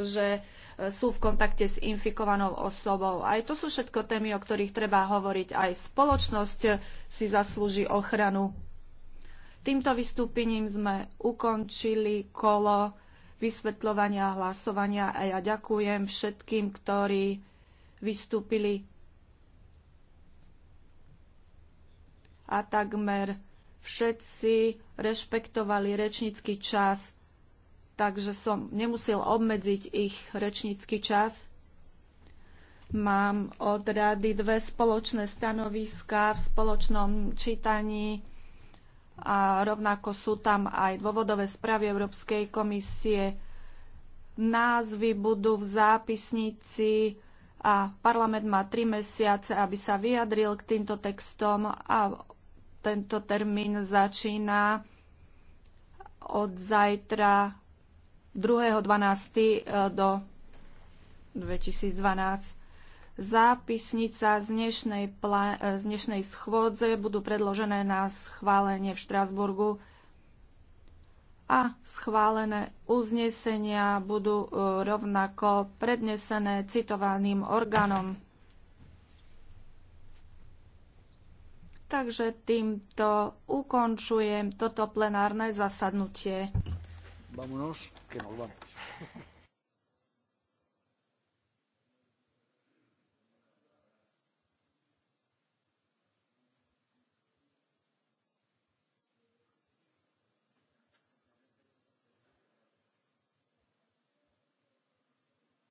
že e, sú v kontakte s infikovanou osobou. Aj to sú všetko témy, o ktorých treba hovoriť. Aj spoločnosť e, si zaslúži ochranu. Týmto vystúpením sme ukončili kolo vysvetľovania a hlasovania a ja ďakujem všetkým, ktorí vystúpili a takmer všetci rešpektovali rečnícky čas takže som nemusel obmedziť ich rečnícky čas. Mám od rady dve spoločné stanoviská v spoločnom čítaní a rovnako sú tam aj dôvodové správy Európskej komisie. Názvy budú v zápisnici a parlament má tri mesiace, aby sa vyjadril k týmto textom a tento termín začína od zajtra 2.12. Eh, do 2012. Zápisnica z dnešnej, plá- eh, z dnešnej schôdze budú predložené na schválenie v Štrasburgu a schválené uznesenia budú eh, rovnako prednesené citovaným orgánom. Takže týmto ukončujem toto plenárne zasadnutie vámonos que nos vamos.